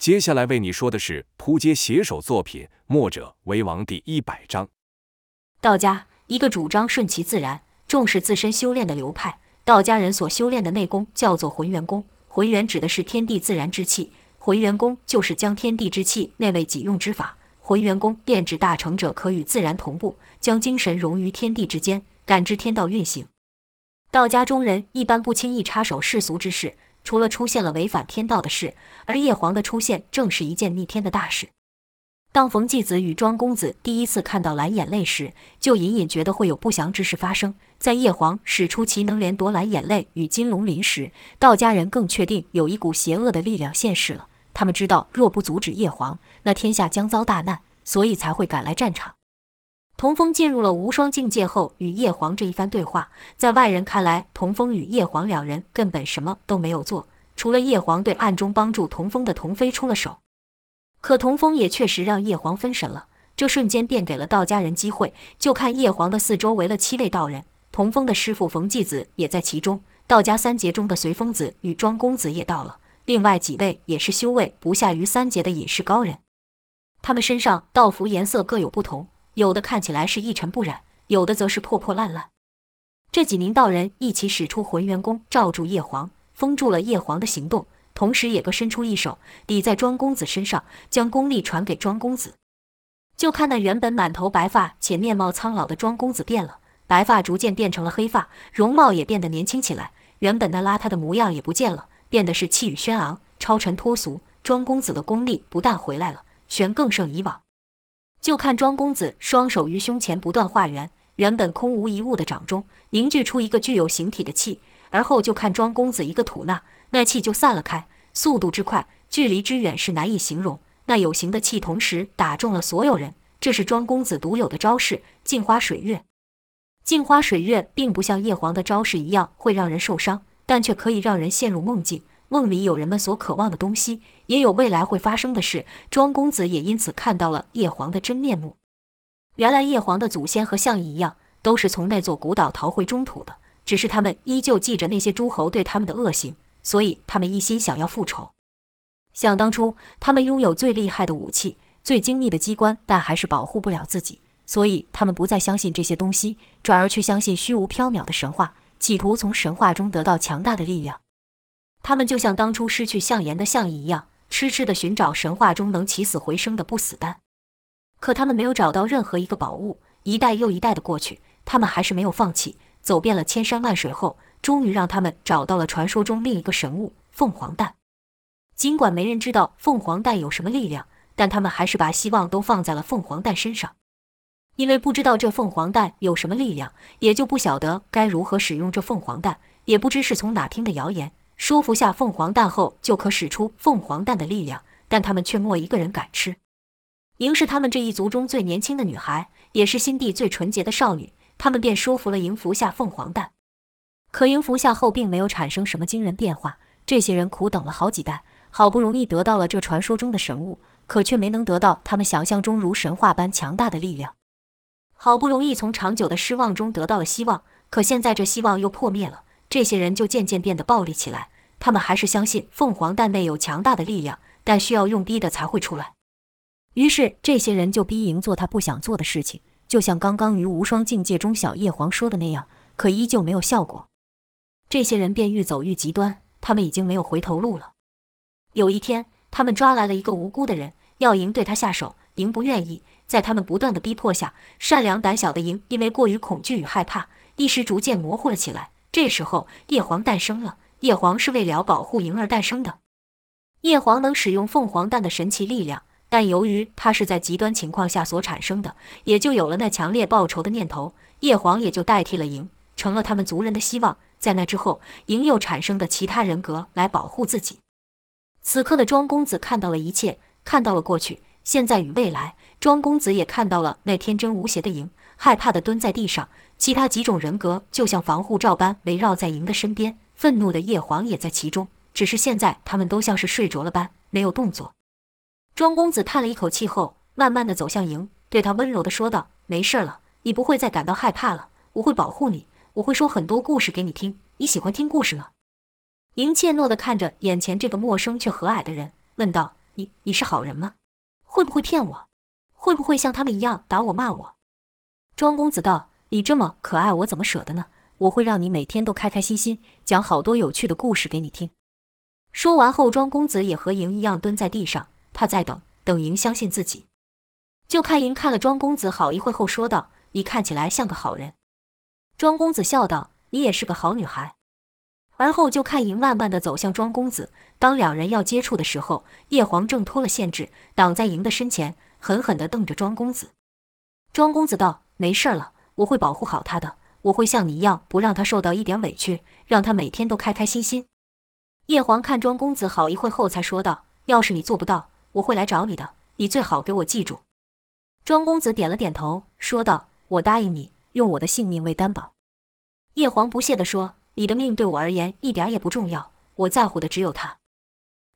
接下來為你說的是撲街寫手作品《墨者為王》第一百章。道家一個主張順其自然，重視自身修煉的流派。道家人所修煉的內功叫做渾元功，渾元指的是天地自然之氣，渾元功就是將天地之氣內為己用之法。渾元功練至大成者，可與自然同步，將精神融於天地之間，感知天道運行。道家中人一般不輕易插手世俗之事。除了出現了違反天道的事，而葉皇的出現正是一件逆天的大事。當馮繼子與莊公子第一次看到藍眼淚時，就隱隱覺得會有不祥之事發生。在葉皇使出其能連奪藍眼淚與金龍鱗時，道家人更確定有一股邪惡的力量現世了。他們知道若不阻止葉皇，那天下將遭大難，所以才會趕來戰場。桐風進入了無雙境界後，與葉黃這一番對話，在外人看來，桐風與葉黃兩人根本什麼都沒有做，除了葉黃對暗中幫助桐風的桐飛出了手。可桐風也確實讓葉黃分神了，這瞬間便給了道家人機會。就看葉黃的四周圍了七位道人，桐風的師傅馮繼子也在其中。道家三傑中的隨風子與莊公子也到了，另外幾位也是修為不下於三傑的隱士高人，他們身上道服顏色各有不同。有的看起來是一塵不染，有的則是破破爛爛。這幾名道人一起使出渾元功，罩住葉黃，封住了葉黃的行動，同時也各伸出一手抵在莊公子身上，將功力傳給莊公子。就看那原本滿頭白髮且面貌蒼老的莊公子變了，白髮逐漸變成了黑髮，容貌也變得年輕起來，原本那邋遢的模樣也不見了，變得是氣宇軒昂、超塵脫俗。莊公子的功力不但回來了，玄更勝以往。就看莊公子雙手於胸前不斷化圓，原本空無一物的掌中凝聚出一個具有形體的氣，而後就看莊公子一個吐納，那氣就散了開，速度之快，距離之遠是難以形容。那有形的氣同時打中了所有人，這是莊公子獨有的招式——鏡花水月。鏡花水月並不像葉黃的招式一樣會讓人受傷，但卻可以讓人陷入夢境。夢裡有人們所渴望的東西，也有未來會發生的事。莊公子也因此看到了葉皇的真面目。原來葉皇的祖先和項羽一樣，都是從那座古島逃回中土的。只是他們依舊記着那些諸侯對他們的惡行，所以他們一心想要復仇。想當初，他們擁有最厲害的武器，最精密的機關，但還是保護不了自己。所以他們不再相信這些東西，轉而去相信虛無縹緲的神話，企圖從神話中得到強大的力量。他們就像當初失去相鹽的相爺一樣，癡癡地尋找神話中能起死回生的不死丹。可他們沒有找到任何一個寶物，一代又一代的過去，他們還是沒有放棄。走遍了千山萬水後，終於讓他們找到了傳說中另一個神物——鳳凰蛋。儘管沒人知道鳳凰蛋有什麼力量，但他們還是把希望都放在了鳳凰蛋身上。因為不知道這鳳凰蛋有什麼力量，也就不曉得該如何使用這鳳凰蛋。也不知是從哪聽的謠言。說服下鳳凰蛋後，就可使出鳳凰蛋的力量，但他們卻沒一個人敢吃。瑩是他們這一族中最年輕的女孩，也是心地最純潔的少女，他們便說服了瑩，服下鳳凰蛋。可瑩服下後，並沒有產生什麼驚人變化。這些人苦等了好幾代，好不容易得到了這傳說中的神物，可卻沒能得到他們想象中如神話般強大的力量。好不容易從長久的失望中得到了希望，可現在這希望又破滅了。這些人就漸漸變得暴力起來。他們還是相信鳳凰蛋內有強大的力量，但需要用逼的才會出來。於是，這些人就逼贏做他不想做的事情。就像剛剛於無雙境界中小葉黃說的那樣，可依舊沒有效果。這些人便愈走愈極端，他們已經沒有回頭路了。有一天，他們抓來了一個無辜的人，要贏對他下手。贏不願意，在他們不斷的逼迫下，善良膽小的贏因為過於恐懼與害怕，意識逐漸模糊了起來。這時候，夜皇誕生了。夜皇是為了保護瑩而誕生的。夜皇能使用鳳凰蛋的神奇力量，但由於他是在極端情況下所產生的，也就有了那強烈報仇的念頭。夜皇也就代替了瑩，成了他們族人的希望。在那之後，瑩又產生的其他人格來保護自己。此刻的莊公子看到了一切，看到了過去、現在與未來。莊公子也看到了那天真無邪的瑩。害怕的蹲在地上，其他幾種人格就像防護罩般圍繞在瑩的身邊。憤怒的葉黃也在其中，只是現在他們都像是睡着了般，沒有動作。莊公子嘆了一口氣後，慢慢的走向瑩，對他溫柔的說道：“沒事了，你不會再感到害怕了。我會保護你，我會說很多故事給你聽。你喜歡聽故事嗎、啊？”瑩怯懦的看着眼前這個陌生卻和藹的人，問道：“你，你是好人嗎？會不會騙我？會不會像他們一樣打我罵我？”莊公子道：“你這麼可愛，我怎麼捨得呢？我會讓你每天都開開心心，講好多有趣的故事給你聽。”說完後，莊公子也和瑩一樣蹲在地上，他在等，等瑩相信自己。就看瑩看了莊公子好一會後說道：“你看起來像個好人。”莊公子笑道：“你也是個好女孩。”而後就看瑩慢慢的走向莊公子。當兩人要接觸的時候，葉黃掙脫了限制，擋在瑩的身前，狠狠地瞪着莊公子。莊公子道。沒事了，我會保護好他的，我會像你一樣，不讓他受到一點委屈，讓他每天都開開心心。葉黃看莊公子好一會後，才說道：“要是你做不到，我會來找你的。你最好給我記住。”莊公子點了點頭，說道：“我答應你，用我的性命為擔保。”葉黃不屑地說：“你的命對我而言一點也不重要，我在乎的只有他。”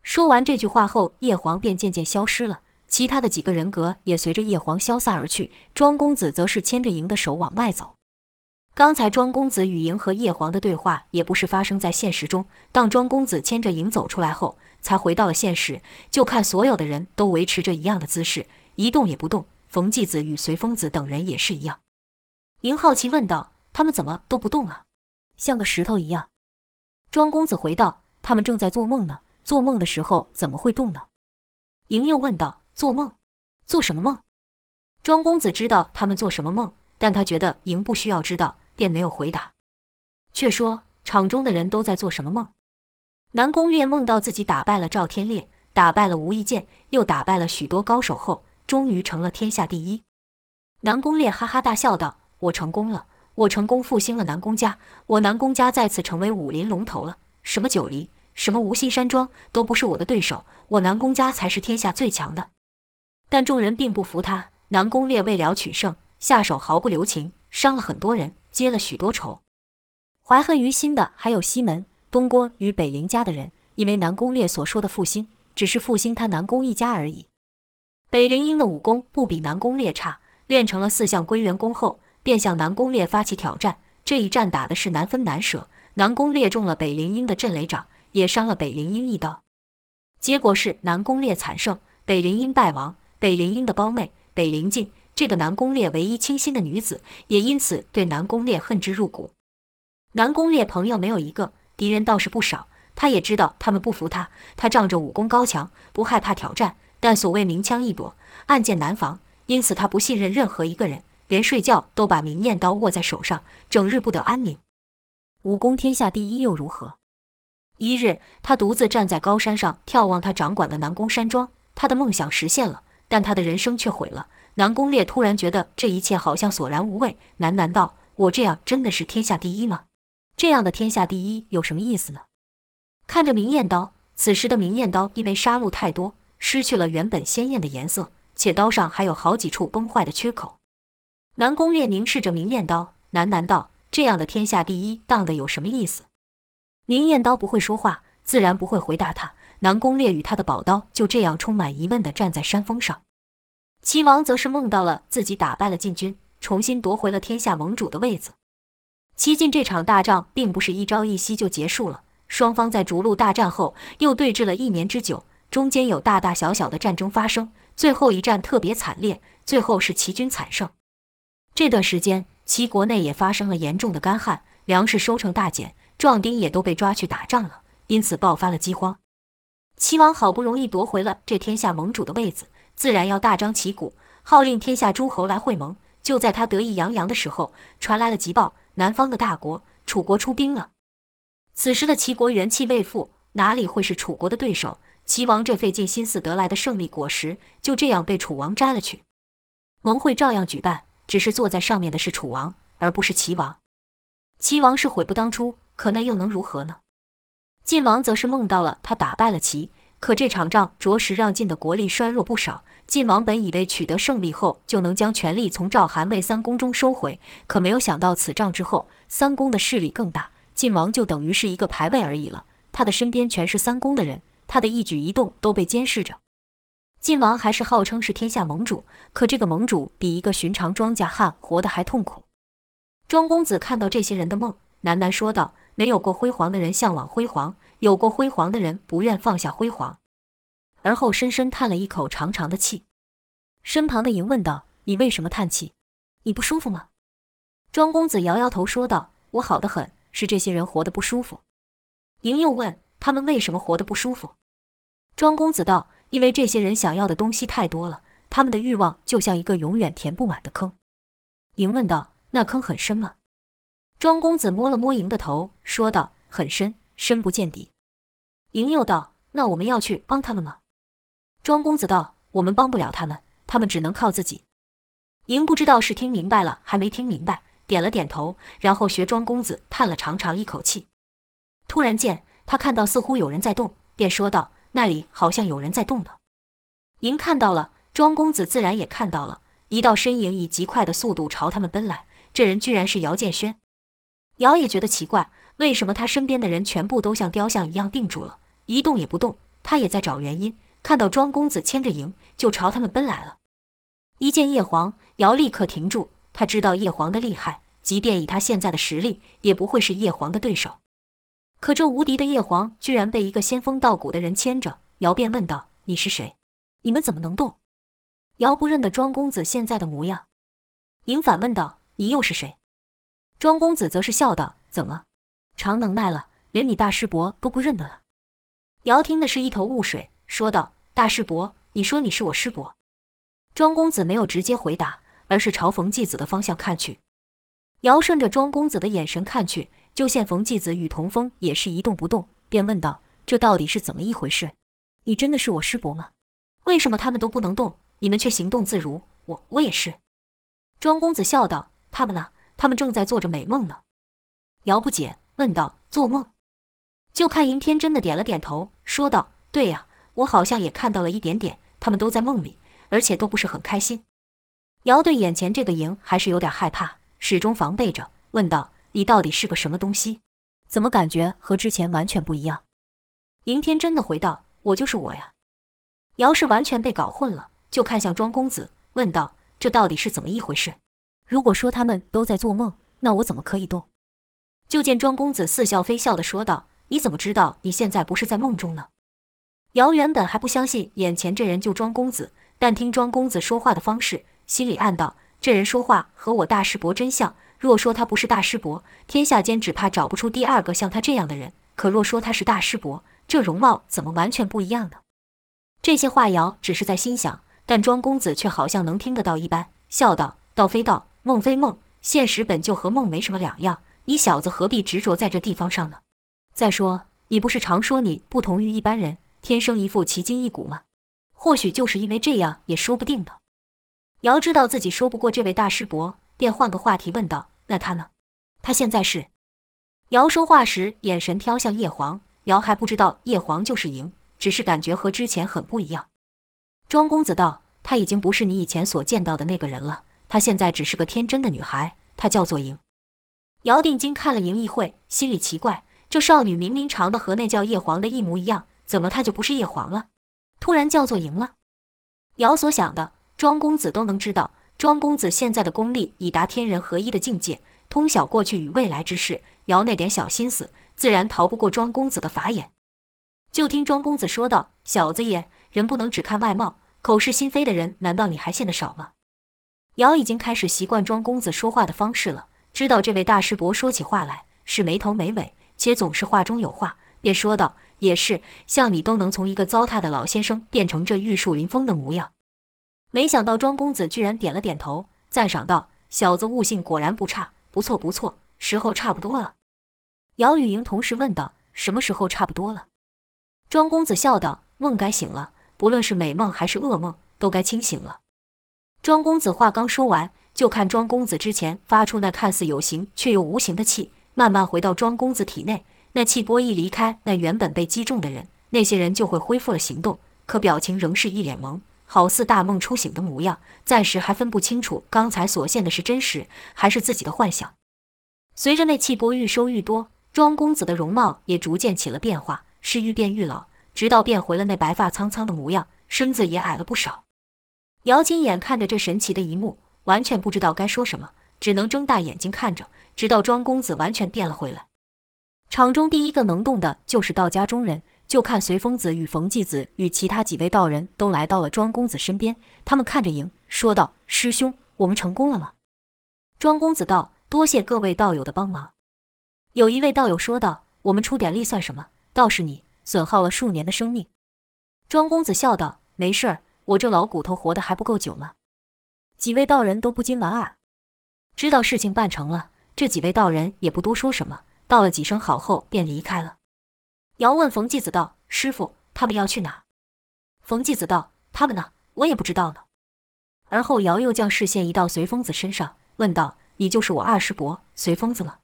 說完這句話後，葉黃便漸漸消失了。其他的幾個人格也隨着葉黃消散而去，莊公子則是牽着瑩的手往外走。剛才莊公子與瑩和葉黃的對話也不是發生在現實中，當莊公子牽着瑩走出來後，才回到了現實。就看所有的人都維持着一樣的姿勢，一動也不動。馮繼子與隨風子等人也是一樣。瑩好奇問道：“他們怎麼都不動啊？像個石頭一樣？”莊公子回道：“他們正在做夢呢，做夢的時候怎麼會動呢？”瑩又問道。做夢，做什麼夢？莊公子知道他們做什麼夢，但他覺得贏不需要知道，便沒有回答。卻說場中的人都在做什麼夢？南宮烈夢到自己打敗了趙天烈，打敗了無意劍，又打敗了許多高手後，終於成了天下第一。南宮烈哈哈大笑道：“我成功了，我成功復興了南宮家，我南宮家再次成為武林龍頭了。什麼九黎，什麼無心山莊，都不是我的對手，我南宮家才是天下最強的。”但眾人並不服他，南宮烈為了取勝，下手毫不留情，傷了很多人，結了許多仇。懷恨於心的還有西門、東郭與北陵家的人，因為南宮烈所說的復興，只是復興他南宮一家而已。北陵英的武功不比南宮烈差，練成了四項歸元功後，便向南宮烈發起挑戰。這一戰打得是難分難捨，南宮烈中了北陵英的震雷掌，也傷了北陵英一刀。結果是南宮烈慘勝，北陵英敗亡。北靈英的胞妹北靈靜，這個南宮烈唯一傾心的女子，也因此對南宮烈恨之入骨。南宮烈朋友沒有一個，敵人倒是不少。他也知道他們不服他，他仗着武功高強，不害怕挑戰。但所謂明槍易躲，暗箭難防，因此他不信任任何一個人，連睡覺都把明艷刀握在手上，整日不得安寧。武功天下第一又如何？一日，他獨自站在高山上眺望他掌管的南宮山莊，他的夢想實現了。但他的人生卻毀了。南宮烈突然覺得這一切好像索然無味，喃喃道：“我這樣真的是天下第一嗎？這樣的天下第一有什麼意思呢？”看着明艷刀，此時的明艷刀因為殺戮太多，失去了原本鮮艷的顏色，且刀上還有好幾處崩壞的缺口。南宮烈凝視着明艷刀，喃喃道：“這樣的天下第一當得有什麼意思？”明艷刀不會說話，自然不會回答他。南宮烈與他的寶刀就這樣充滿疑問地站在山峰上。齊王則是夢到了自己打敗了晉軍，重新奪回了天下盟主的位子。齊晉這場大仗並不是一朝一夕就結束了，雙方在逐鹿大戰後又對峙了一年之久，中間有大大小小的戰爭發生。最後一戰特別慘烈，最後是齊軍慘勝。這段時間，齊國內也發生了嚴重的乾旱，糧食收成大減，壯丁也都被抓去打仗了，因此爆發了饑荒。齊王好不容易奪回了這天下盟主的位子，自然要大張旗鼓，號令天下諸侯來會盟。就在他得意洋洋的時候，傳來了急報：南方的大國楚國出兵了。此時的齊國元氣未復，哪裡會是楚國的對手？齊王這費盡心思得來的勝利果實，就這樣被楚王摘了去。盟會照樣舉辦，只是坐在上面的是楚王，而不是齊王。齊王是悔不當初，可那又能如何呢？晉王則是夢到了他打敗了齊，可這場仗着實讓晉的國力衰弱不少。晉王本以為取得勝利後就能將權力從趙、韓、魏三公中收回，可沒有想到此仗之後，三公的勢力更大，晉王就等於是一個牌位而已了。他的身邊全是三公的人，他的一舉一動都被監視着。晉王還是號稱是天下盟主，可這個盟主比一個尋常莊稼漢活得還痛苦。莊公子看到這些人的夢，喃喃說道。沒有過輝煌的人向往輝煌，有過輝煌的人不願放下輝煌，而後深深嘆了一口長長的氣。身旁的瑩問道：“你為什麼嘆氣？你不舒服嗎？”莊公子搖搖頭說道：“我好得很，是這些人活得不舒服。”瑩又問：“他們為什麼活得不舒服？”莊公子道：“因為這些人想要的東西太多了，他們的慾望就像一個永遠填不滿的坑。”瑩問道：“那坑很深嗎？”莊公子摸了摸瑩的頭，說道：“很深，深不見底。”瑩又道：“那我們要去幫他們嗎？”莊公子道：“我們幫不了他們，他們只能靠自己。”瑩不知道是聽明白了，還沒聽明白，點了點頭，然後學莊公子嘆了長長一口氣。突然間，他看到似乎有人在動，便說道：“那裡好像有人在動的。”瑩看到了，莊公子自然也看到了，一道身影以極快的速度朝他們奔來。這人居然是姚建軒。姚也覺得奇怪，為什麼他身邊的人全部都像雕像一樣定住了，一動也不動？他也在找原因。看到莊公子牽着贏，就朝他們奔來了。一見葉黃，姚立刻停住。他知道葉黃的厲害，即便以他現在的實力，也不會是葉黃的對手。可這無敵的葉黃，居然被一個仙風道骨的人牽着。姚便問道：“你是誰？你們怎麼能動？”姚不認得莊公子現在的模樣。贏反問道：“你又是誰？”莊公子則是笑道：“怎麼，長能耐了，連你大師伯都不認得了？”瑤聽的是一頭霧水，說道：“大師伯，你說你是我師伯？”莊公子沒有直接回答，而是朝馮繼子的方向看去。堯順着莊公子的眼神看去，就見馮繼子與童風也是一動不動，便問道：“這到底是怎麼一回事？你真的是我師伯嗎？為什麼他們都不能動，你們卻行動自如？我……我也是。”莊公子笑道：“他們呢？”他們正在做着美夢呢，姚不解問道：“做夢？”就看贏天真的點了點頭，說道：“對呀，我好像也看到了一點點。他們都在夢裡，而且都不是很開心。”姚對眼前這個贏還是有點害怕，始終防備着，問道：“你到底是個什麼東西？怎麼感覺和之前完全不一樣？”贏天真的回道：“我就是我呀。”姚是完全被搞混了，就看向莊公子，問道：“這到底是怎麼一回事？”如果說他們都在做夢，那我怎麼可以動？就見莊公子似笑非笑的說道：“你怎麼知道你現在不是在夢中呢？”姚原本還不相信眼前這人就莊公子，但聽莊公子說話的方式，心裡暗道：“這人說話和我大師伯真像。若說他不是大師伯，天下間只怕找不出第二個像他這樣的人。可若說他是大師伯，這容貌怎麼完全不一樣呢？”這些話姚只是在心想，但莊公子卻好像能聽得到一般，笑道：“道非道。”夢非夢，現實本就和夢沒什麼兩樣。你小子何必執着在這地方上呢？再說，你不是常說你不同於一般人，天生一副奇筋異骨嗎？或許就是因為這樣，也說不定的。姚知道自己說不過這位大師伯，便換個話題問道：“那他呢？他現在是？”姚說話時眼神飄向葉黃。姚還不知道葉黃就是贏，只是感覺和之前很不一樣。莊公子道：“他已經不是你以前所見到的那個人了。”她現在只是個天真的女孩，她叫做瑩。姚定金看了瑩一會，心裡奇怪：這少女明明長得和那叫葉黃的一模一樣，怎麼她就不是葉黃了？突然叫做瑩了。姚所想的，莊公子都能知道。莊公子現在的功力已達天人合一的境界，通曉過去與未來之事。姚那點小心思，自然逃不過莊公子的法眼。就聽莊公子說道：“小子也，人不能只看外貌，口是心非的人，難道你還見得少嗎？”姚已經開始習慣莊公子說話的方式了，知道這位大師伯說起話來是沒頭沒尾，且總是話中有話，便說道：“也是，像你都能從一個糟蹋的老先生變成這玉樹臨風的模樣。”沒想到莊公子居然點了點頭，讚賞道：“小子悟性果然不差，不錯不錯，時候差不多了。”姚雨瑩同時問道：“什麼時候差不多了？”莊公子笑道：“夢該醒了，不論是美夢還是噩夢，都該清醒了。”莊公子話剛說完，就看莊公子之前發出那看似有形卻又無形的氣，慢慢回到莊公子體內。那氣波一離開那原本被擊中的人，那些人就會恢復了行動，可表情仍是一臉懵，好似大夢初醒的模樣，暫時還分不清楚剛才所現的是真實還是自己的幻想。隨着那氣波愈收愈多，莊公子的容貌也逐漸起了變化，是愈變愈老，直到變回了那白髮蒼蒼的模樣，身子也矮了不少。姚金眼看着這神奇的一幕，完全不知道該說什麼，只能睜大眼睛看着，直到莊公子完全變了回來。場中第一個能動的就是道家中人，就看隨風子與馮繼子與其他幾位道人都來到了莊公子身邊。他們看着贏說道：“師兄，我們成功了嗎？”莊公子道：“多謝各位道友的幫忙。”有一位道友說道：“我們出點力算什麼？倒是你，損耗了數年的生命。”莊公子笑道：“沒事兒。”我這老骨頭活得還不夠久嗎？幾位道人都不禁莞爾，知道事情辦成了，這幾位道人也不多說什麼，道了幾聲好後便離開了。瑤問馮繼子道：“師傅他們要去哪？”馮繼子道：“他們呢？我也不知道呢。”而後瑤又將視線移到隨風子身上，問道：“你就是我二師伯隨風子了？”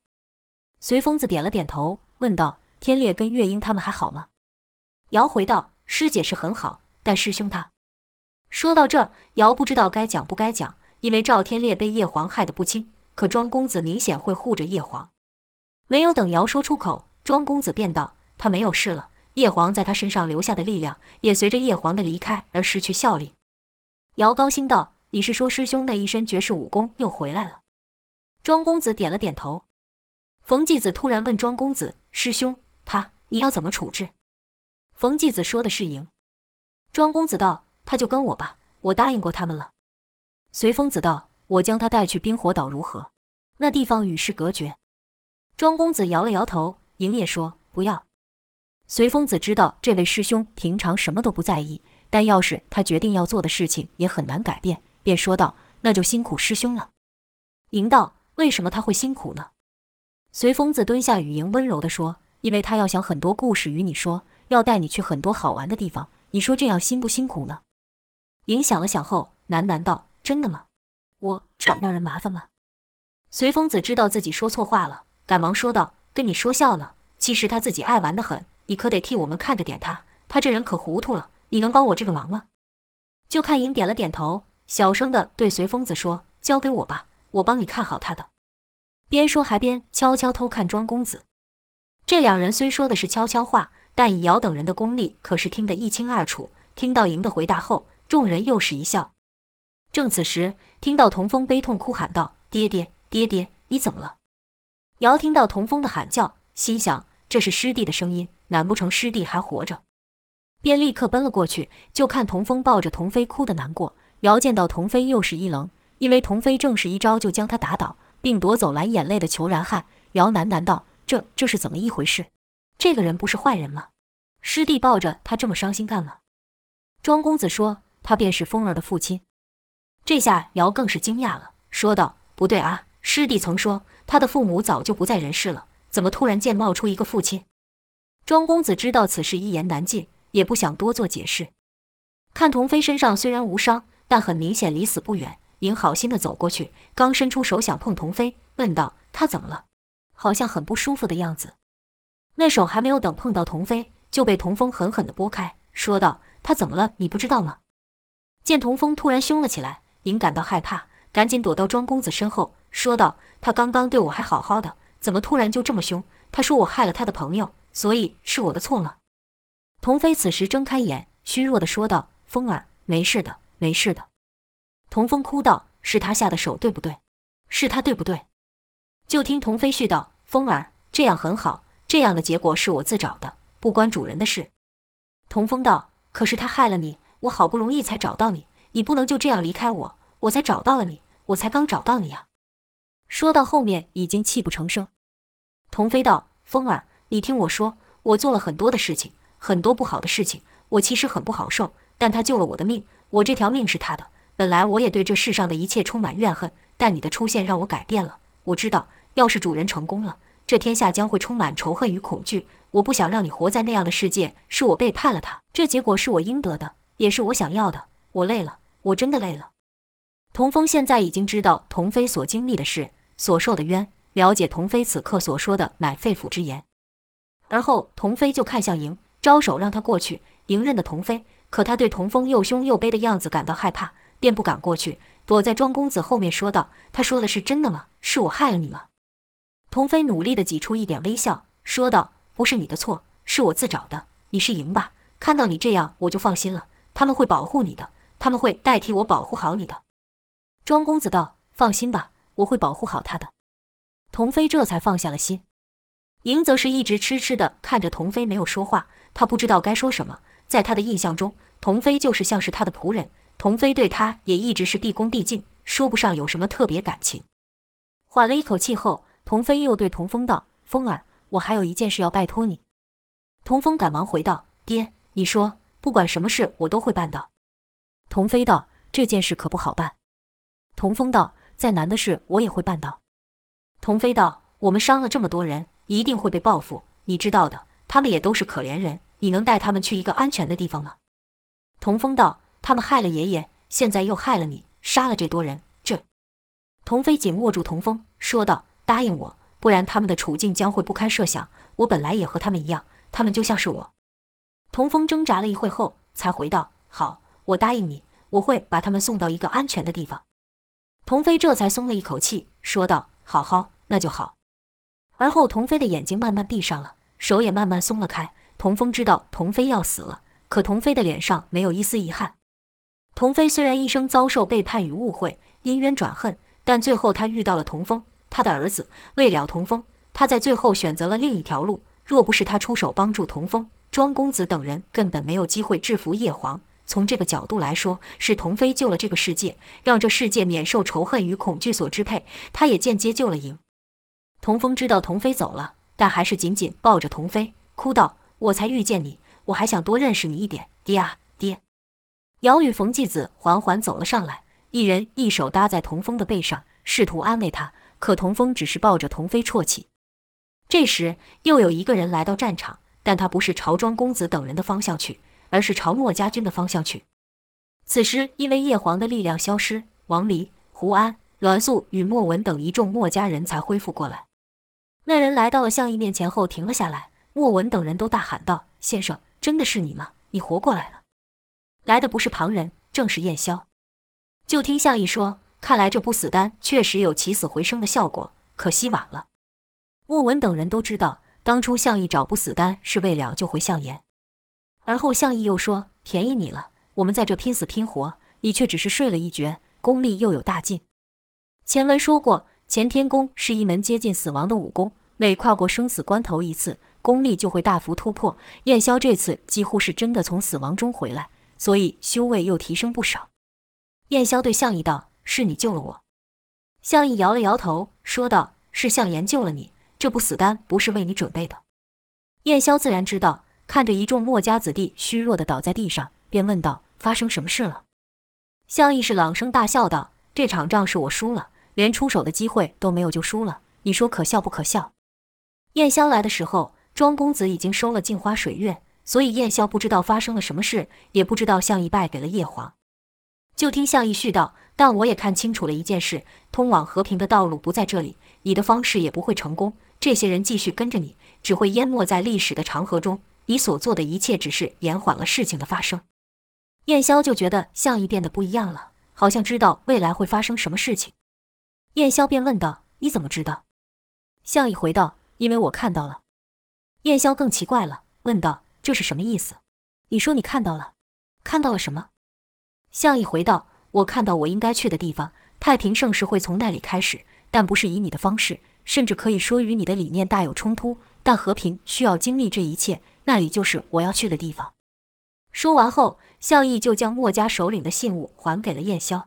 隨風子點了點頭，問道：“天烈跟月英他們還好嗎？”瑤回道：“師姐是很好，但師兄他……”說到這，姚不知道該講不該講，因為趙天烈被葉皇害得不輕，可莊公子明顯會護着葉皇。沒有等姚說出口，莊公子便道：“他沒有事了，葉皇在他身上留下的力量，也隨着葉皇的離開而失去效力。”姚高興道：“你是說師兄那一身絕世武功又回來了？”莊公子點了點頭。馮繼子突然問莊公子：“師兄，他，你要怎麼處置？”馮繼子說的是贏。莊公子道。他就跟我吧，我答應過他們了。隨風子道：“我將他帶去冰火島如何？那地方與世隔絕。”莊公子搖了搖頭，迎也說：“不要。”隨風子知道這位師兄平常什麼都不在意，但要是他決定要做的事情，也很難改變，便說道：“那就辛苦師兄了。”迎道：“為什麼他會辛苦呢？”隨風子蹲下，語迎溫柔地說：“因為他要想很多故事與你說，要帶你去很多好玩的地方。你說這樣辛不辛苦呢？”贏想了想後，喃喃道：“真的嗎？我這樣讓人麻煩嗎？”隨 風子知道自己說錯話了，趕忙說道：“跟你說笑了，其實他自己愛玩得很，你可得替我們看着點他。他這人可糊塗了，你能幫我這個忙嗎？”就看贏點了點頭，小聲地對隨風子說：“交給我吧，我幫你看好他的。”邊說還邊悄悄偷看莊公子。這兩人雖說的是悄悄話，但以姚等人的功力可是聽得一清二楚。聽到贏的回答後，眾人又是一笑，正此時，聽到童風悲痛哭喊道：“爹爹，爹爹，你怎麼了？”姚聽到童風的喊叫，心想這是師弟的聲音，難不成師弟還活着？便立刻奔了過去，就看童風抱着童飛哭得難過。姚見到童飛，又是一愣，因為童飛正是一招就將他打倒，並奪走藍眼淚的裘然漢。姚喃喃道：“這這是怎麼一回事？這個人不是壞人嗎？”師弟抱着他這麼傷心幹嘛？莊公子說。他便是風兒的父親。這下瑤更是驚訝了，說道：“不對啊，師弟曾說他的父母早就不在人世了，怎麼突然間冒出一個父親？”莊公子知道此事一言難盡，也不想多做解釋。看童飛身上雖然無傷，但很明顯離死不遠。穎好心的走過去，剛伸出手想碰童飛，問道：“他怎麼了？好像很不舒服的樣子。”那手還沒有等碰到童飛，就被童風狠狠的撥開，說道：“他怎麼了？你不知道嗎？”見童風突然凶了起來，穎感到害怕，趕緊躲到莊公子身後，說道：“他剛剛對我還好好的，怎麼突然就這麼凶？他說我害了他的朋友，所以是我的錯了。”童飛此時睜開眼，虛弱地說道：“風兒，沒事的，沒事的。”童風哭道：“是他下的手，對不對？是他對不對？”就聽童飛續道：“風兒，這樣很好，這樣的結果是我自找的，不關主人的事。”童風道：“可是他害了你。”我好不容易才找到你，你不能就這樣離開我。我才找到了你，我才剛找到你呀！說到後面已經泣不成聲。童飛道：“風兒，你聽我說，我做了很多的事情，很多不好的事情。我其實很不好受，但他救了我的命，我這條命是他的。本來我也對這世上的一切充滿怨恨，但你的出現讓我改變了。我知道，要是主人成功了，這天下將會充滿仇恨與恐懼。我不想讓你活在那樣的世界，是我背叛了他，這結果是我應得的。”也是我想要的。我累了，我真的累了。童峰現在已經知道童飛所經歷的事，所受的冤，了解童飛此刻所說的乃肺腑之言。而後，童飛就看向贏，招手讓他過去。贏認得童飛，可他對童峰又凶又悲的樣子感到害怕，便不敢過去，躲在莊公子後面說道：“他說的是真的嗎？是我害了你嗎？”童飛努力地擠出一點微笑，說道：“不是你的錯，是我自找的。你是贏吧？看到你這樣，我就放心了。”他們會保護你的，他們會代替我保護好你的。”莊公子道，“放心吧，我會保護好他的。”童飛這才放下了心，嬴則是一直痴痴的看着童飛，沒有說話。他不知道該說什麼，在他的印象中，童飛就是像是他的僕人，童飛對他也一直是畢恭畢敬，說不上有什麼特別感情。緩了一口氣後，童飛又對童風道：“風兒，我還有一件事要拜托你。”童風趕忙回道：“爹，你說。”不管什麼事，我都會辦到。童飛道：“這件事可不好辦。”童風道：“再難的事，我也會辦到。”童飛道：“我們傷了這麼多人，一定會被報復。你知道的，他們也都是可憐人。你能帶他們去一個安全的地方嗎？”童風道：“他們害了爺爺，現在又害了你，殺了這多人，這……”童飛緊握住童風，說道：“答應我，不然他們的處境將會不堪設想。我本來也和他們一樣，他們就像是我。”童風掙扎了一會後，才回道：“好，我答應你，我會把他們送到一個安全的地方。”童飛這才鬆了一口氣，說道：“好好，那就好。”而後，童飛的眼睛慢慢閉上了，手也慢慢鬆了開。童風知道童飛要死了，可童飛的臉上沒有一絲遺憾。童飛雖然一生遭受背叛與誤會，因緣轉恨，但最後他遇到了童風，他的兒子。為了童風，他在最後選擇了另一條路。若不是他出手幫助童風，莊公子等人根本沒有機會制服葉黃。從這個角度來說，是童飛救了這個世界，讓這世界免受仇恨與恐懼所支配。他也間接救了影。童風知道童飛走了，但還是緊緊抱着童飛，哭道：“我才遇見你，我還想多認識你一點，爹啊，爹！”姚與馮繼子緩緩走了上來，一人一手搭在童風的背上，試圖安慰他。可童風只是抱着童飛啜泣。這時，又有一個人來到戰場。但他不是朝莊公子等人的方向去，而是朝墨家軍的方向去。此時，因為葉黃的力量消失，王離、胡安、欒素與莫文等一眾墨家人才恢復過來。那人來到了向義面前後停了下來。莫文等人都大喊道：“先生，真的是你嗎？你活過來了！”來的不是旁人，正是燕蕭。就聽向義說：“看來這不死丹確實有起死回生的效果，可惜晚了。”莫文等人都知道。當初項義找不死丹是為了救回項嚴，而後項義又說，便宜你了，我們在這拼死拼活，你卻只是睡了一覺，功力又有大進。前文說過，乾天功是一門接近死亡的武功，每跨過生死關頭一次，功力就會大幅突破。燕霄這次幾乎是真的從死亡中回來，所以修為又提升不少。燕霄對項義道：“是你救了我。”項義搖了搖頭，說道：“是項嚴救了你。”這不死丹不是為你準備的。燕霄自然知道，看着一眾墨家子弟虛弱地倒在地上，便問道：“發生什麼事了？”向義是朗聲大笑道：“這場仗是我輸了，連出手的機會都沒有就輸了，你說可笑不可笑？”燕霄來的時候，莊公子已經收了鏡花水月，所以燕霄不知道發生了什麼事，也不知道向義敗給了葉華。就聽向義續道：“但我也看清楚了一件事，通往和平的道路不在這裡。”你的方式也不會成功。這些人繼續跟着你，只會淹沒在歷史的長河中。你所做的一切，只是延緩了事情的發生。燕霄就覺得向義變得不一樣了，好像知道未來會發生什麼事情。燕霄便問道：“你怎麼知道？”向義回道：“因為我看到了。”燕霄更奇怪了，問道：“這是什麼意思？你說你看到了，看到了什麼？”向義回道：“我看到我應該去的地方，太平盛世會從那裡開始。”但不是以你的方式，甚至可以說與你的理念大有衝突。但和平需要經歷這一切，那裡就是我要去的地方。說完後，向義就將墨家首領的信物還給了燕蕭。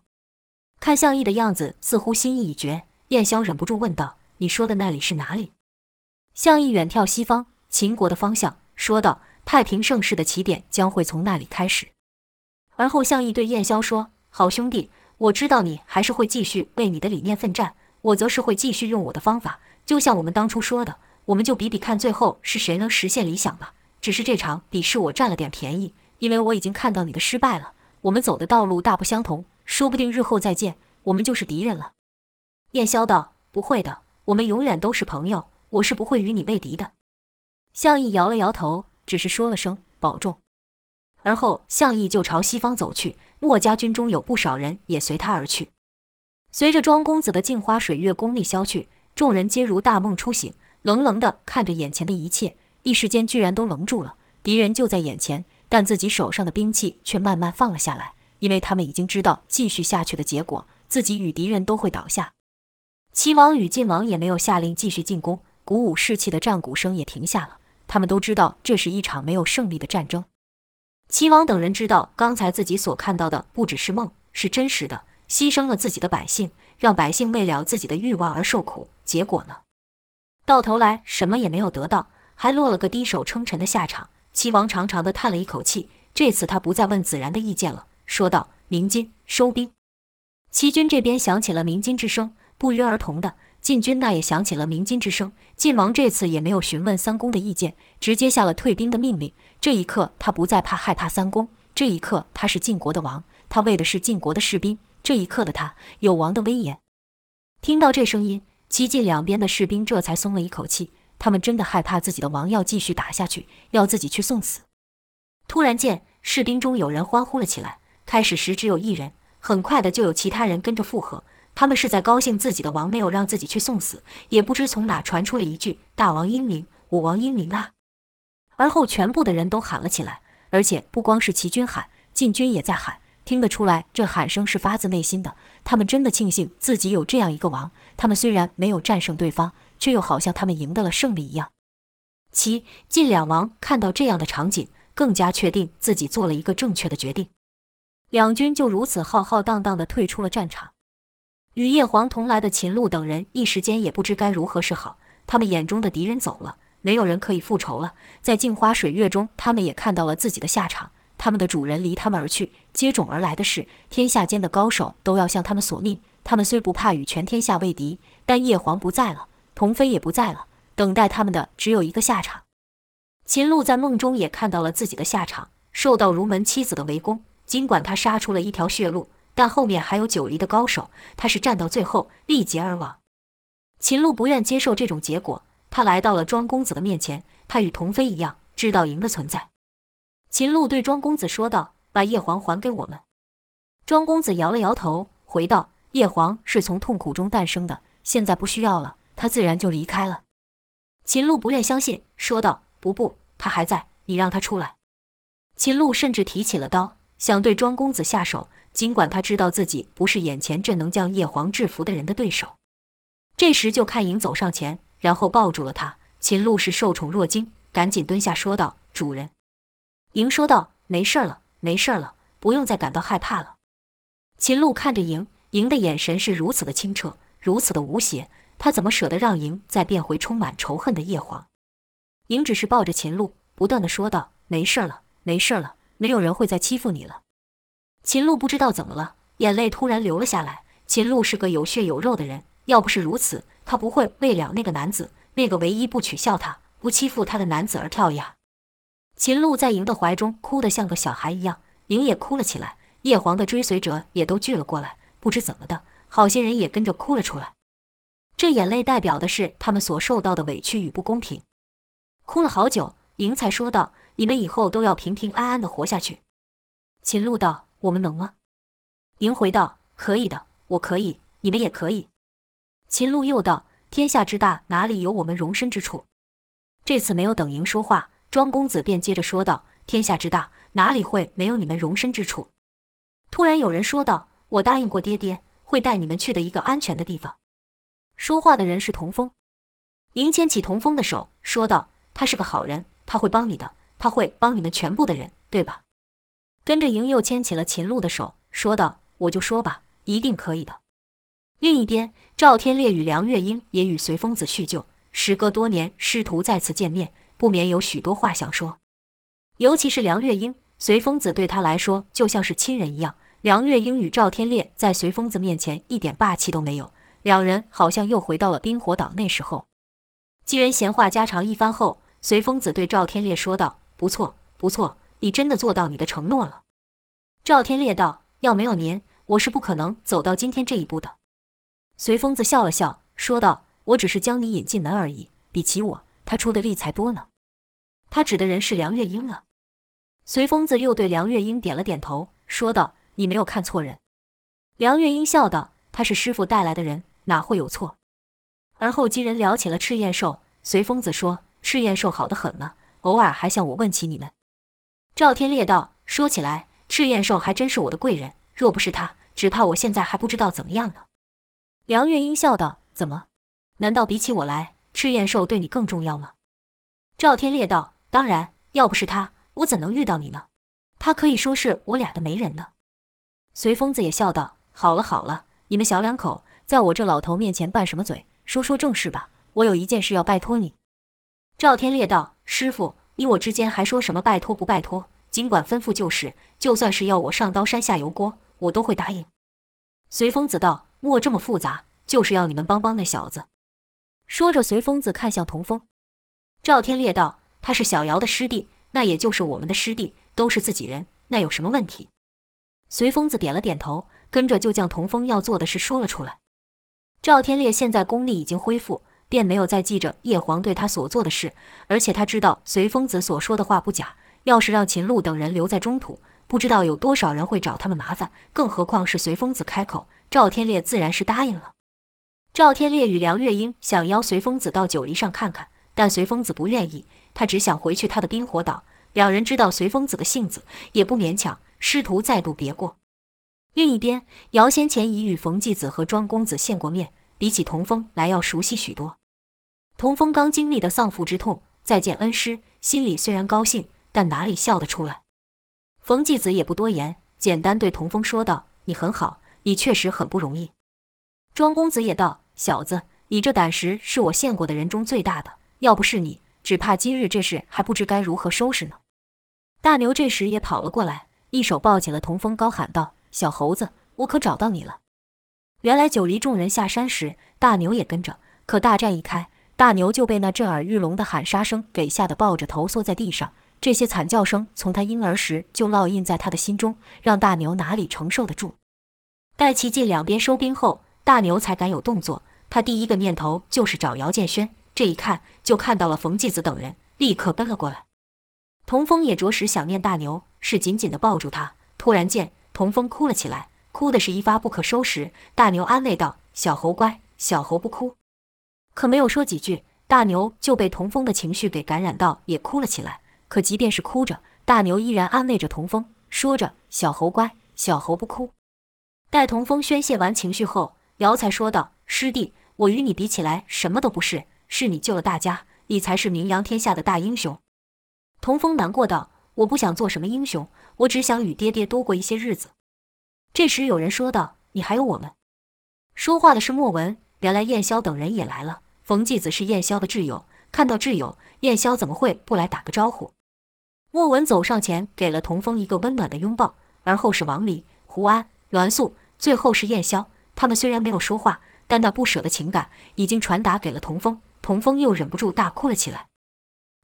看向義的樣子，似乎心意已決。燕蕭忍不住問道：“你說的那裡是哪裡？”向義遠眺西方，秦國的方向，說道：“太平盛世的起點將會從那裡開始。”而後，向義對燕蕭說：“好兄弟，我知道你還是會繼續為你的理念奮戰。”我則是會繼續用我的方法，就像我們當初說的，我們就比比看，最後是誰能實現理想吧。只是這場比試我佔了點便宜，因為我已經看到你的失敗了。我們走的道路大不相同，說不定日後再見，我們就是敵人了。燕蕭道：“不會的，我們永遠都是朋友，我是不會與你為敵的。”項毅搖了搖頭，只是說了聲保重，而後項毅就朝西方走去。墨家軍中有不少人也隨他而去。隨着莊公子的鏡花水月功力消去，眾人皆如大夢初醒，冷冷地看着眼前的一切，一時間居然都愣住了。敵人就在眼前，但自己手上的兵器卻慢慢放了下來，因為他們已經知道繼續下去的結果，自己與敵人都會倒下。齊王與晉王也沒有下令繼續進攻，鼓舞士氣的戰鼓聲也停下了。他們都知道，這是一場沒有勝利的戰爭。齊王等人知道，剛才自己所看到的不只是夢，是真實的。犧牲了自己的百姓，讓百姓為了自己的慾望而受苦，結果呢？到頭來什麼也沒有得到，還落了個低首稱臣的下場。齊王長長的嘆了一口氣，這次他不再問子然的意見了，說道：“鳴金收兵。”齊軍這邊響起了鳴金之聲，不約而同的，晉軍那也響起了鳴金之聲。晉王這次也沒有詢問三公的意見，直接下了退兵的命令。這一刻，他不再怕害怕三公，這一刻他是晉國的王，他為的是晉國的士兵。這一刻的他有王的威嚴。聽到這聲音，齊晉兩邊的士兵這才鬆了一口氣。他們真的害怕自己的王要繼續打下去，要自己去送死。突然間，士兵中有人歡呼了起來。開始時只有一人，很快的就有其他人跟着附和。他們是在高興自己的王沒有讓自己去送死。也不知從哪傳出了一句“大王英明，吾王英明啊”，而後全部的人都喊了起來。而且不光是齊軍喊，晉軍也在喊。聽得出來，這喊聲是發自內心的。他們真的慶幸自己有這樣一個王。他們雖然沒有戰勝對方，卻又好像他們贏得了勝利一樣。七晉兩王看到這樣的場景，更加確定自己做了一個正確的決定。兩軍就如此浩浩蕩蕩地退出了戰場。與葉黃同來的秦祿等人，一時間也不知該如何是好。他們眼中的敵人走了，沒有人可以復仇了。在鏡花水月中，他們也看到了自己的下場。他們的主人離他們而去，接踵而來的是天下間的高手都要向他們索命。他們雖不怕與全天下為敵，但葉皇不在了，童飛也不在了，等待他們的只有一個下場。秦鹿在夢中也看到了自己的下場，受到儒門七子的圍攻。儘管他殺出了一條血路，但後面還有九黎的高手，他是戰到最後力竭而亡。秦鹿不願接受這種結果，他來到了莊公子的面前。他與童飛一樣，知道贏的存在。秦鹿對莊公子說道：“把葉皇還給我們。”莊公子搖了搖頭，回道：“葉皇是從痛苦中誕生的，現在不需要了，他自然就離開了。”秦鹿不願相信，說道：“不不，他還在，你讓他出來。”秦鹿甚至提起了刀，想對莊公子下手，儘管他知道自己不是眼前這能將葉皇制服的人的對手。這時，就看影走上前，然後抱住了他。秦鹿是受寵若驚，趕緊蹲下，說道：“主人。”贏說道：“沒事兒了，沒事兒了，不用再感到害怕了。”秦璐看着贏，贏的眼神是如此的清澈，如此的無邪。他怎麼捨得讓贏再變回充滿仇恨的夜皇？贏只是抱着秦璐，不斷的說道：“沒事兒了，沒事兒了，沒有人會再欺負你了。”秦璐不知道怎麼了，眼淚突然流了下來。秦璐是個有血有肉的人，要不是如此，他不會為了那個男子，那個唯一不取笑他、不欺負他的男子而跳崖。秦璐在瑩的懷中哭得像個小孩一樣，瑩也哭了起來。葉黃的追隨者也都聚了過來，不知怎麼的，好些人也跟着哭了出來。這眼淚代表的是他們所受到的委屈與不公平。哭了好久，瑩才說道：“你們以後都要平平安安地活下去。”秦璐道：“我們能嗎？”瑩回道：“可以的，我可以，你們也可以。”秦璐又道：“天下之大，哪裡有我們容身之處？”這次沒有等瑩說話。莊公子便接着說道：“天下之大，哪裡會沒有你們容身之處？”突然有人說道：“我答應過爹爹，會帶你們去的一個安全的地方。”說話的人是童風。瑩牽起童風的手，說道：“他是個好人，他會幫你的，他會幫你們全部的人，對吧？”跟着瑩又牽起了秦璐的手，說道：“我就說吧，一定可以的。”另一邊，趙天烈與梁月英也與隨風子敘舊，時隔多年，師徒再次見面。不免有許多話想說，尤其是梁月英，隨風子對他來說就像是親人一樣。梁月英與趙天烈在隨風子面前一點霸氣都沒有，兩人好像又回到了冰火島那時候。幾人閒話家常一番後，隨風子對趙天烈說道：“不錯，不錯，你真的做到你的承諾了。”趙天烈道：“要沒有您，我是不可能走到今天這一步的。”隨風子笑了笑，說道：“我只是將你引進門而已，比起我，他出的力才多呢。”他指的人是梁月英了、啊。隨風子又對梁月英點了點頭，說道：“你沒有看錯人。”梁月英笑道：“他是師傅帶來的人，哪會有錯？”而後幾人聊起了赤焰獸。隨風子說：“赤焰獸好得很呢、啊，偶爾還向我問起你們。”趙天烈道：“說起來，赤焰獸還真是我的貴人。若不是他，只怕我現在還不知道怎麼樣呢。”梁月英笑道：“怎麼？難道比起我來，赤焰獸對你更重要嗎？”趙天烈道。當然，要不是他，我怎能遇到你呢？他可以說是我倆的媒人呢。隨瘋子也笑道：“好了好了，你們小兩口在我這老頭面前拌什麼嘴？說說正事吧。我有一件事要拜托你。”趙天烈道：“師父，你我之間還說什麼拜托不拜托？儘管吩咐就是，就算是要我上刀山下油鍋，我都會答應。”隨瘋子道：“莫這麼複雜，就是要你們幫幫那小子。”說着，隨瘋子看向童風。趙天烈道。他是小瑤的師弟，那也就是我們的師弟，都是自己人，那有什麼問題？隨風子點了點頭，跟着就將童風要做的事說了出來。趙天烈現在功力已經恢復，便沒有再記着葉黃對他所做的事，而且他知道隨風子所說的話不假。要是讓秦璐等人留在中土，不知道有多少人會找他們麻煩，更何況是隨風子開口，趙天烈自然是答應了。趙天烈與梁月英想邀隨風子到九黎上看看，但隨風子不願意。他只想回去他的冰火島。兩人知道隨風子的性子，也不勉強，師徒再度別過。另一邊，姚先前已與馮繼子和莊公子見過面，比起童風來要熟悉許多。童風剛經歷的喪父之痛，再見恩師，心裡雖然高興，但哪裡笑得出來？馮繼子也不多言，簡單對童風說道：“你很好，你確實很不容易。”莊公子也道：“小子，你這膽識是我見過的人中最大的。要不是你……”只怕今日這事還不知該如何收拾呢。大牛這時也跑了過來，一手抱起了童風，高喊道：“小猴子，我可找到你了！”原來九黎眾人下山時，大牛也跟着。可大戰一開，大牛就被那震耳欲聾的喊殺聲給嚇得抱着頭縮在地上。這些慘叫聲從他嬰兒時就烙印在他的心中，讓大牛哪裡承受得住？待齊晉兩邊收兵後，大牛才敢有動作。他第一個念頭就是找姚建軒。這一看就看到了馮繼子等人，立刻奔了過來。童風也着實想念大牛，是緊緊地抱住他。突然間，童風哭了起來，哭得是一發不可收拾。大牛安慰道：“小猴乖，小猴不哭。”可沒有說幾句，大牛就被童風的情緒給感染到，也哭了起來。可即便是哭着，大牛依然安慰着童風，說着：“小猴乖，小猴不哭。”待童風宣洩完情緒後，姚才說道：“師弟，我與你比起來，什麼都不是。”是你救了大家，你才是名揚天下的大英雄。”童風難過道，“我不想做什麼英雄，我只想與爹爹多過一些日子。”這時有人說道：“你還有我們。”說話的是莫文。原來燕霄等人也來了。馮繼子是燕霄的摯友，看到摯友，燕霄怎麼會不來打個招呼？莫文走上前，給了童風一個溫暖的擁抱，而後是王離、胡安、欒素，最後是燕霄。他們雖然沒有說話，但那不捨的情感已經傳達給了童風。童風又忍不住大哭了起來，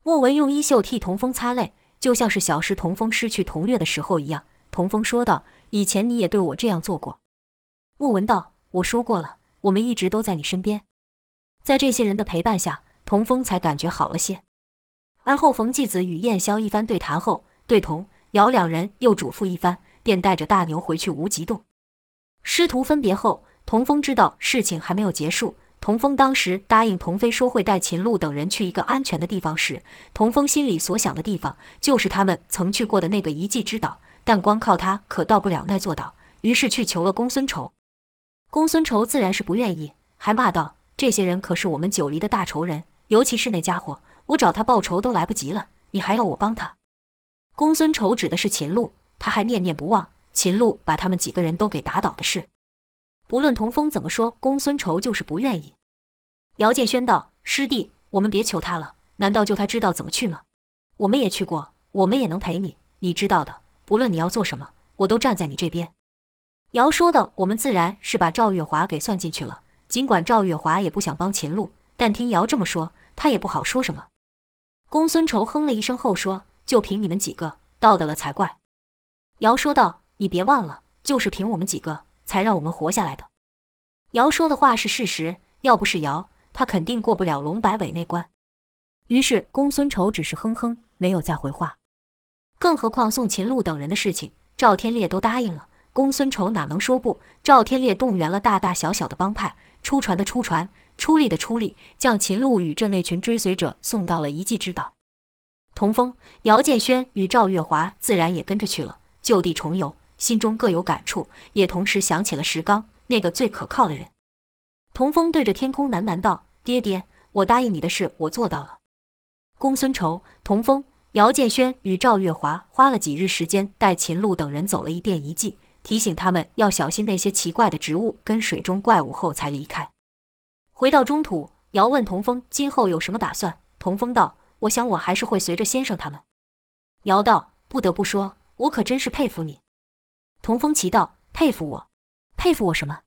莫文用衣袖替童風擦淚，就像是小時童風失去童略的時候一樣。童風說道：“以前你也對我這樣做過。”莫文道：“我說過了，我們一直都在你身邊。”在這些人的陪伴下，童風才感覺好了些。而後，馮繼子與燕霄一番對談後，對童姚兩人又囑咐一番，便帶着大牛回去無極洞。師徒分別後，童風知道事情還沒有結束。童峰當時答應童飛說會帶秦鹿等人去一個安全的地方時，童峰心裡所想的地方就是他們曾去過的那個遺跡之島，但光靠他可到不了那座島，於是去求了公孫仇。公孫仇自然是不願意，還罵道：“這些人可是我們九黎的大仇人，尤其是那家伙，我找他報仇都來不及了，你還要我幫他？”公孫仇指的是秦鹿，他還念念不忘秦鹿把他們幾個人都給打倒的事。不論童風怎麼說，公孫仇就是不願意。姚建軒道：“師弟，我們別求他了。難道就他知道怎麼去嗎？我們也去過，我們也能陪你。你知道的，不論你要做什麼，我都站在你這邊。”姚說的，我們自然是把趙月華給算進去了。儘管趙月華也不想幫秦璐，但聽姚這麼說，他也不好說什麼。公孫仇哼了一聲後說：“就憑你們幾個，到得了才怪。”姚說道：“你別忘了，就是憑我們幾個。”才讓我們活下來的。姚說的話是事實，要不是姚，他肯定過不了龍擺尾那關。於是公孫丑只是哼哼，沒有再回話。更何況送秦鹿等人的事情，趙天烈都答應了，公孫丑哪能說不？趙天烈動員了大大小小的幫派，出船的出船，出力的出力，將秦鹿與這那群追隨者送到了遺跡之島。童風、姚建軒與趙月華自然也跟着去了，就地重遊。心中各有感觸，也同時想起了石剛那個最可靠的人。童風對着天空喃喃道：“爹爹，我答應你的事，我做到了。”公孫仇、童風、姚建軒與趙月華花了幾日時間，帶秦鹿等人走了一遍遺跡，提醒他們要小心那些奇怪的植物跟水中怪物後，才離開。回到中土，姚問童風：“今後有什麼打算？”童風道：“我想我還是會隨着先生他們。”姚道：“不得不說，我可真是佩服你。”童風奇道：“佩服我，佩服我什麼？”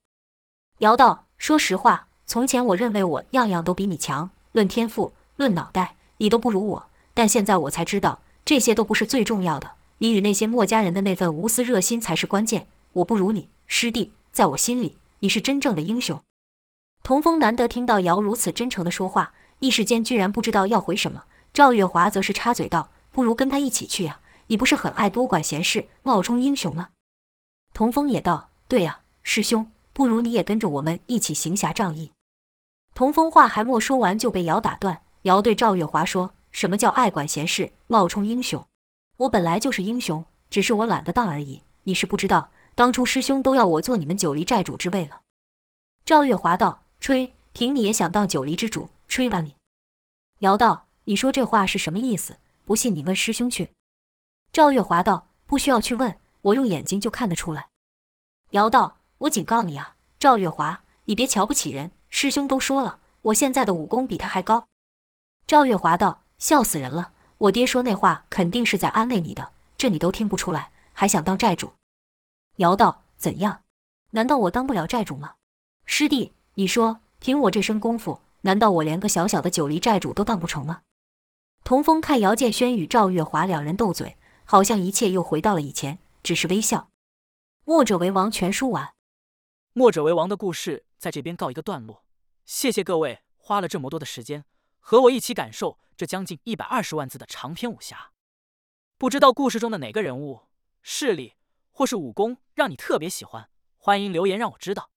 瑤道：“說實話，從前我認為我樣樣都比你強，論天賦，論腦袋，你都不如我。但現在我才知道，這些都不是最重要的，你與那些墨家人的那份無私熱心才是關鍵。我不如你，師弟，在我心裡你是真正的英雄。”童風難得聽到瑤如此真誠的說話，一時間居然不知道要回什麼。趙月華則是插嘴道：“不如跟他一起去啊！你不是很愛多管閒事，冒充英雄嗎？”童風也道：“對呀，師兄，不如你也跟着我們一起行俠仗義。”童風話還沒說完，就被姚打斷。姚對趙月華說：“什麼叫愛管閒事，冒充英雄？我本來就是英雄，只是我懶得當而已。你是不知道，當初師兄都要我做你們九黎寨主之位了。”趙月華道：“吹，憑你也想當九黎之主？吹吧你！”姚道：“你說這話是什麼意思？不信你問師兄去。”趙月華道：“不需要去問。”我用眼睛就看得出來。姚道，我警告你啊，趙月華，你別瞧不起人。師兄都說了，我現在的武功比他還高。趙月華道，笑死人了。我爹說那話肯定是在安慰你的，這你都聽不出來，還想當寨主？姚道，怎樣？難道我當不了寨主嗎？師弟，你說，憑我這身功夫，難道我連個小小的九黎寨主都當不成嗎？童峰看姚建軒與趙月華兩人鬥嘴，好像一切又回到了以前。只是微笑。墨者為王全書完。墨者為王的故事在這邊告一個段落。謝謝各位花了這麼多的時間和我一起感受這將近一百二十萬字的長篇武俠。不知道故事中的哪個人物、勢力或是武功讓你特別喜歡？歡迎留言讓我知道。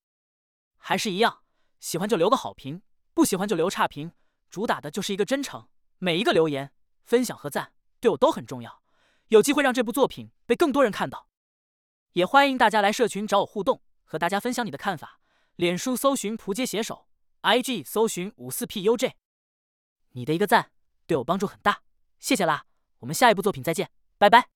還是一樣，喜歡就留個好評，不喜歡就留差評。主打的就是一個真誠。每一個留言、分享和讚對我都很重要。有機會讓這部作品被更多人看到，也歡迎大家來社群找我互動，和大家分享你的看法。臉書搜尋仆街寫手，IG 搜尋五四 PUJ。你的一個讚對我幫助很大，謝謝啦！我們下一部作品再見，拜拜。